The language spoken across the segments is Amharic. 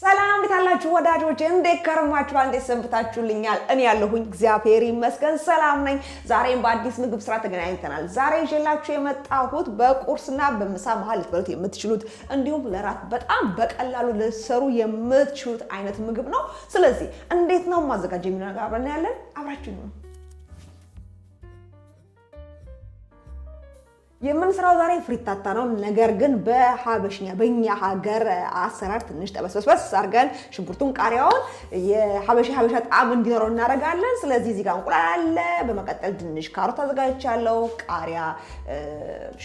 ሰላም እንዴት አላችሁ ወዳጆች? እንዴት ከርማችኋል? እንዴት ሰንብታችሁልኛል? እኔ ያለሁኝ እግዚአብሔር ይመስገን ሰላም ነኝ። ዛሬም በአዲስ ምግብ ስራ ተገናኝተናል። ዛሬ ይዤላችሁ የመጣሁት በቁርስና በምሳ መሀል ልትበሉት የምትችሉት እንዲሁም ለራት በጣም በቀላሉ ልትሰሩ የምትችሉት አይነት ምግብ ነው። ስለዚህ እንዴት ነው ማዘጋጀ የሚለው ነገር አብረን ያለን አብራችሁ ነው የምንስራው ዛሬ ፍሪታታ ነው። ነገር ግን በሀበሽኛ በእኛ ሀገር አሰራር ትንሽ ጠበስበስበስ አድርገን ሽንኩርቱን፣ ቃሪያውን የሀበሻ ሀበሻ ጣዕም እንዲኖረው እናደርጋለን። ስለዚህ እዚህ ጋር እንቁላል አለ። በመቀጠል ድንሽ፣ ካሮት አዘጋጅቻለሁ። ቃሪያ፣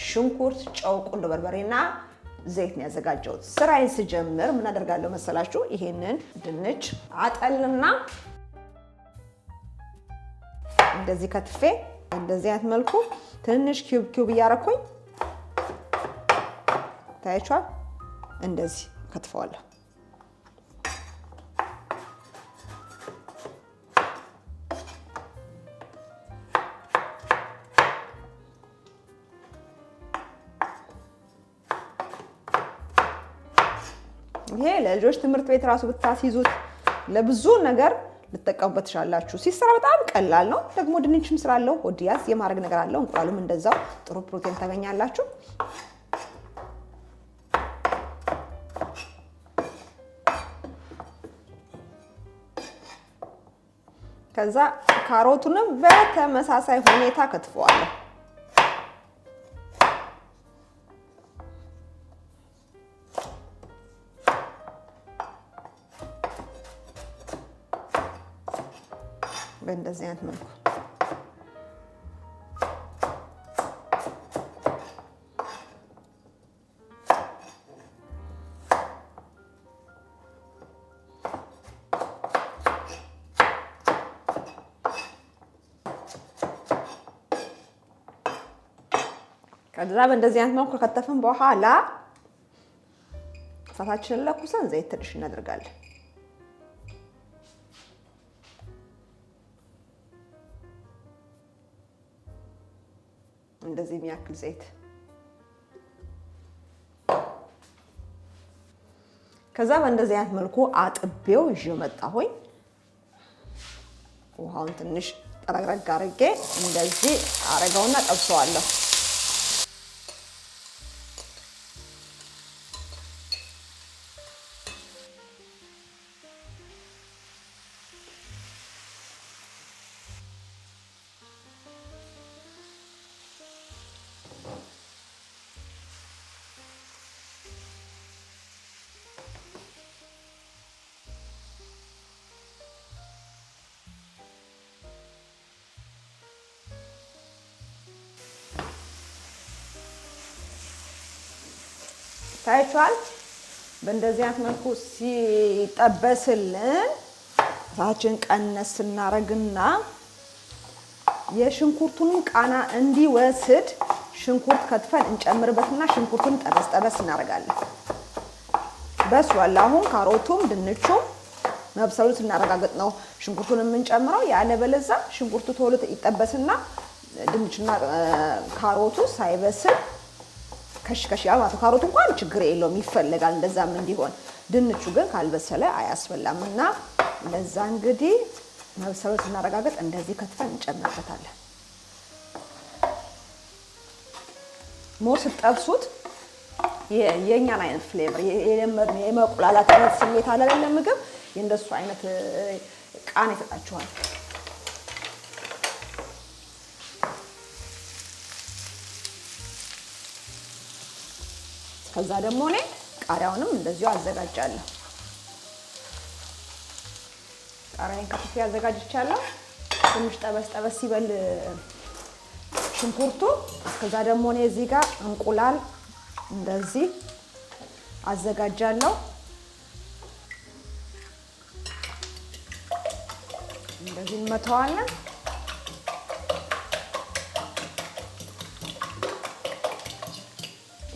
ሽንኩርት፣ ጨው፣ ቁንዶ በርበሬና ዘይት ነው ያዘጋጀሁት። ስራዬን ስጀምር ምን አደርጋለሁ መሰላችሁ? ይሄንን ድንች አጠልና እንደዚህ ከትፌ እንደዚህ አይነት መልኩ ትንንሽ ኪዩብ ኪዩብ እያረኩኝ ታያችኋል። እንደዚህ ከትፈዋለሁ። ይሄ ለልጆች ትምህርት ቤት ራሱ ብታስይዙት ለብዙ ነገር ልጠቀሙበት ትችላላችሁ። ሲሰራ በጣም ቀላል ነው። ደግሞ ድንችም ስላለው ሆዲያስ የማድረግ ነገር አለው። እንቁላሉም እንደዛው ጥሩ ፕሮቲን ታገኛላችሁ። ከዛ ካሮቱንም በተመሳሳይ ሁኔታ ከትፈዋለሁ። በእንደዚህ አይነት መልኩ ከዛ በእንደዚህ አይነት መልኩ ከከተፍን በኋላ እሳታችንን ለኩሰን ዘይት ትንሽ እናደርጋለን። እንደዚህ የሚያክል ዘይት። ከዛ በእንደዚህ አይነት መልኩ አጥቤው ይዤ መጣሁኝ። ውሃውን ትንሽ ጠረግረግ አድርጌ እንደዚህ አረገውና ጠብሰዋለሁ። ታይቷል። በእንደዚህ አይነት መልኩ ሲጠበስልን እሳታችን ቀነስ እናረግና የሽንኩርቱን ቃና እንዲወስድ ሽንኩርት ከትፈን እንጨምርበትና ሽንኩርቱን ጠበስ ጠበስ እናደርጋለን። በስሏል። አሁን ካሮቱም ድንቹም መብሰሉ ስናረጋግጥ ነው ሽንኩርቱን የምንጨምረው። ያለበለዛ ሽንኩርቱ ቶሎ ይጠበስና ድንቹና ካሮቱ ሳይበስል ከሽከሽ ያለ ማለት ካሮት እንኳን ችግር የለውም ይፈለጋል፣ እንደዛም እንዲሆን ድንቹ ግን ካልበሰለ አያስበላም። እና ለዛ እንግዲህ መብሰሉን ስናረጋግጥ እንደዚህ ከትፈን እንጨምርበታለን። ሞር ስትጠብሱት የእኛን አይነት ፍሌቨር የመቁላላት አይነት ስሜት አለ ምግብ የእንደሱ አይነት ቃን ይሰጣችኋል። ከዛ ደግሞ እኔ ቃሪያውንም እንደዚሁ አዘጋጃለሁ። ቃሪያን ከትፌ አዘጋጅቻለሁ። ትንሽ ጠበስ ጠበስ ሲበል ሽንኩርቱ። ከዛ ደግሞ እኔ እዚህ ጋር እንቁላል እንደዚህ አዘጋጃለሁ። እንደዚህ እንመተዋለን።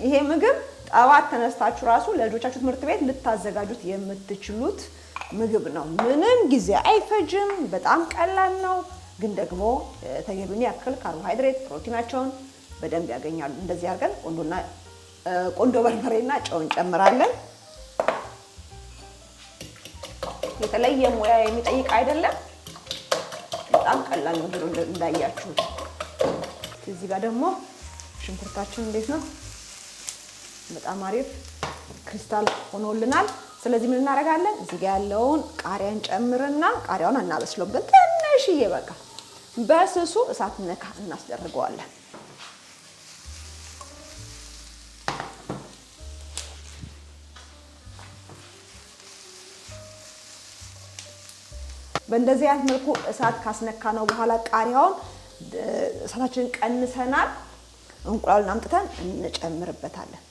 ይሄ ምግብ ጠዋት ተነስታችሁ ራሱ ለልጆቻችሁ ትምህርት ቤት ልታዘጋጁት የምትችሉት ምግብ ነው። ምንም ጊዜ አይፈጅም። በጣም ቀላል ነው። ግን ደግሞ ተገቢውን ያክል ካርቦሃይድሬት ፕሮቲናቸውን በደንብ ያገኛሉ። እንደዚህ አድርገን ቆንዶና ቆንዶ በርበሬና ጨው እንጨምራለን። የተለየ ሙያ የሚጠይቅ አይደለም። በጣም ቀላል ነው እንዳያችሁት። እዚህ ጋር ደግሞ ሽንኩርታችን እንዴት ነው በጣም አሪፍ ክሪስታል ሆኖልናል። ስለዚህ ምን እናደርጋለን? እዚህ ጋር ያለውን ቃሪያን ጨምርና ቃሪያውን አናበስሎም፣ ትንሽዬ በቃ በስሱ እሳት ነካ እናስደርገዋለን። በእንደዚህ አይነት መልኩ እሳት ካስነካ ነው በኋላ ቃሪያውን እሳታችንን ቀንሰናል። እንቁላሉን አምጥተን እንጨምርበታለን።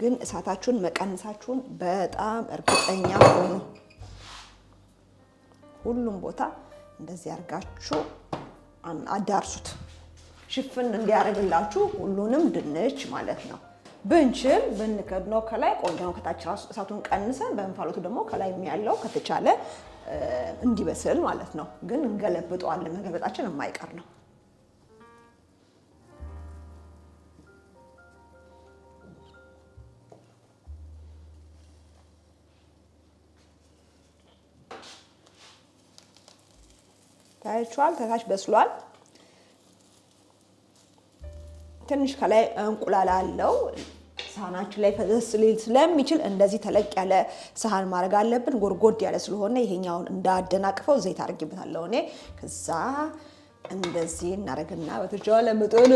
ግን እሳታችሁን መቀነሳችሁን በጣም እርግጠኛ ሆኑ። ሁሉም ቦታ እንደዚህ አድርጋችሁ አዳርሱት፣ ሽፍን እንዲያደርግላችሁ ሁሉንም ድንች ማለት ነው። ብንችል ብንከድነው ከላይ ቆንጆ ነው። ከታች ራሱ እሳቱን ቀንሰን በእንፋሎቱ ደግሞ ከላይ የሚያለው ከተቻለ እንዲበስል ማለት ነው። ግን እንገለብጠዋለን፣ መገለበጣችን የማይቀር ነው። ታያችኋል። ከታች በስሏል። ትንሽ ከላይ እንቁላል አለው። ሳህናችን ላይ ፈዘስ ሊል ስለሚችል እንደዚህ ተለቅ ያለ ሳህን ማድረግ አለብን። ጎድጎድ ያለ ስለሆነ ይሄኛውን እንዳደናቅፈው ዘይት አድርጌበታለሁ እኔ። ከዛ እንደዚህ እናደርግና በተቻለ ለምጥን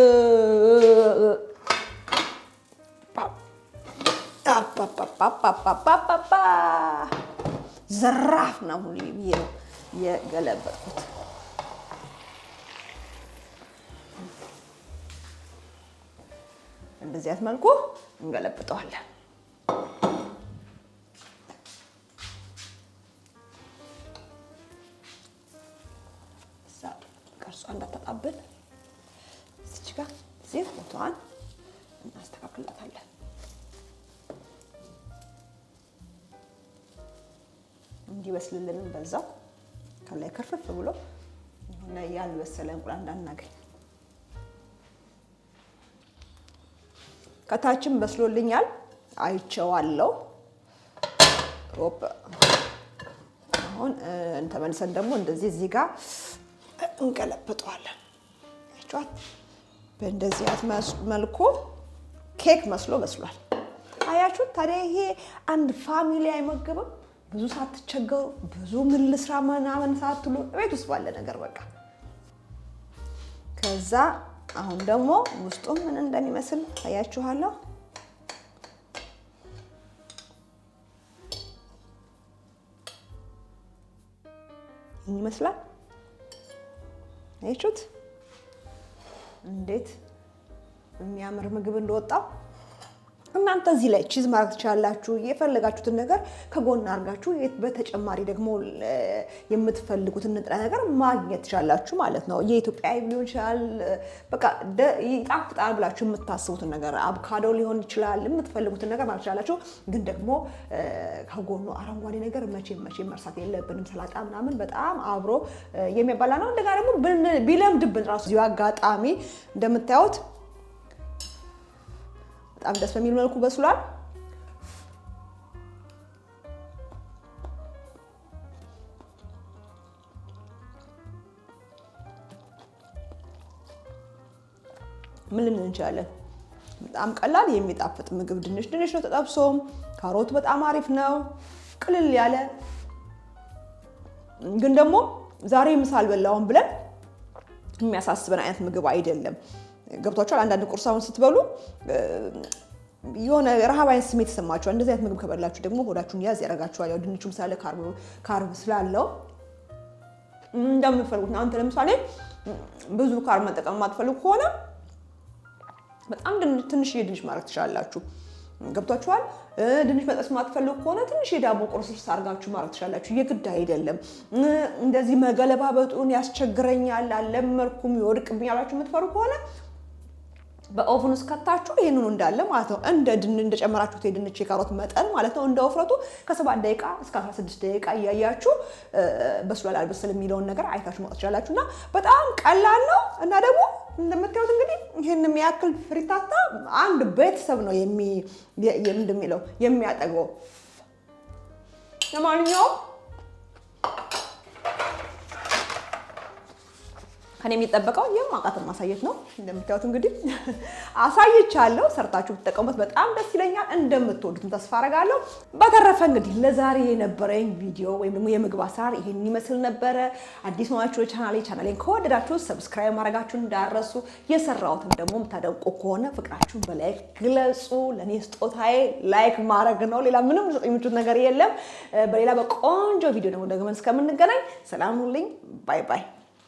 ዘራፍ ነው ሁሉ ብዬ ነው የገለበጥኩት። በእንደዚህ መልኩ እንገለብጠዋለን። ቅርጿ እንዳታጣብን እዚች ጋር እዚህ ቦታዋን እናስተካክላታለን። እንዲበስልልንም በዛው ከላይ ክርፍፍ ብሎ የሆነ ያልበሰለ እንቁላል እንዳናገኝ ከታችም በስሎልኛል አይቸዋለሁ። አሁን ተመልሰን ደግሞ እንደዚህ እዚህ ጋር እንቀለብጠዋለን። ቸዋት በእንደዚህ መልኩ ኬክ መስሎ በስሏል። አያችሁት? ታዲያ ይሄ አንድ ፋሚሊ አይመግብም? ብዙ ሳትቸገሩ ብዙ ምን ልስራ ምናምን ሳትሉ ቤት ውስጥ ባለ ነገር በቃ ከዛ አሁን ደግሞ ውስጡ ምን እንደሚመስል ታያችኋለሁ። ይመስላል አያችሁት እንዴት የሚያምር ምግብ እንደወጣው እናንተ እዚህ ላይ ቺዝ ማድረግ ትችላላችሁ። የፈለጋችሁትን ነገር ከጎን አድርጋችሁ በተጨማሪ ደግሞ የምትፈልጉትን ንጥረ ነገር ማግኘት ትችላላችሁ ማለት ነው። የኢትዮጵያ ሊሆን ይችላል፣ በቃ ይጣፍጣል ብላችሁ የምታስቡትን ነገር አቮካዶ ሊሆን ይችላል። የምትፈልጉትን ነገር ማለት ትችላላችሁ። ግን ደግሞ ከጎኑ አረንጓዴ ነገር መቼም መቼም መርሳት የለብንም። ሰላጣ ምናምን በጣም አብሮ የሚያባላ ነው። እንደጋ ደግሞ ቢለምድብን ራሱ አጋጣሚ እንደምታዩት በጣም ደስ በሚል መልኩ በስሏል። ምን ልንል እንችላለን? በጣም ቀላል የሚጣፍጥ ምግብ ድንች ድንች ነው ተጠብሶም፣ ካሮቱ በጣም አሪፍ ነው። ቅልል ያለ ግን ደግሞ ዛሬ ምሳ አልበላሁም ብለን የሚያሳስበን አይነት ምግብ አይደለም። ገብቷቸዋል። አንዳንድ ቁርሳውን ስትበሉ የሆነ ረሃብ አይነት ስሜት ይሰማቸዋል። እንደዚህ አይነት ምግብ ከበላችሁ ደግሞ ሆዳችሁን ያዝ ያደርጋችኋል። ያው ድንቹም ስላለ ካርብ ስላለው እንደምትፈልጉት ነው። አንተ ለምሳሌ ብዙ ካርብ መጠቀም የማትፈልጉ ከሆነ በጣም ትንሽ ድንች ማድረግ ትችላላችሁ። ገብቷችኋል። ድንች መጠስ ማትፈልጉ ከሆነ ትንሽ የዳቦ ቁርስ ርስ አርጋችሁ ማድረግ ትችላላችሁ። የግድ አይደለም። እንደዚህ መገለባበጡን ያስቸግረኛል፣ አልለመድኩም፣ ይወድቅብኛል ብላችሁ የምትፈሩ ከሆነ በኦቨን ውስጥ ከታችሁ ይህንኑ እንዳለ ማለት ነው እንደ ድን እንደጨመራችሁት የድንች የካሮት መጠን ማለት ነው እንደ ወፍረቱ ከሰባት ደቂቃ እስከ 16 ደቂቃ እያያችሁ በስሏል አልበሰል የሚለውን ነገር አይታችሁ መውጣት ትችላላችሁ። እና በጣም ቀላል ነው እና ደግሞ እንደምታዩት እንግዲህ ይህን የሚያክል ፍሪታታ አንድ ቤተሰብ ነው ምንድን የሚለው የሚያጠግበው ለማንኛውም ከኔ የሚጠበቀው ይህም የማውቃትን ማሳየት ነው። እንደምታዩት እንግዲህ አሳይቻለሁ። ሰርታችሁ ብትጠቀሙበት በጣም ደስ ይለኛል። እንደምትወዱትም ተስፋ አረጋለሁ። በተረፈ እንግዲህ ለዛሬ የነበረኝ ቪዲዮ ወይም ደግሞ የምግብ አሰራር ይሄን ይመስል ነበረ። አዲስ ናችሁ ቻናሌ ቻናሌን ከወደዳችሁ ሰብስክራይብ ማድረጋችሁን እንዳረሱ፣ የሰራሁትን ደግሞ የምታደንቁ ከሆነ ፍቅራችሁን በላይክ ግለጹ። ለእኔ ስጦታዬ ላይክ ማድረግ ነው። ሌላ ምንም የምችሉት ነገር የለም። በሌላ በቆንጆ ቪዲዮ ደግሞ ደግመን እስከምንገናኝ ሰላም ሁልኝ። ባይ ባይ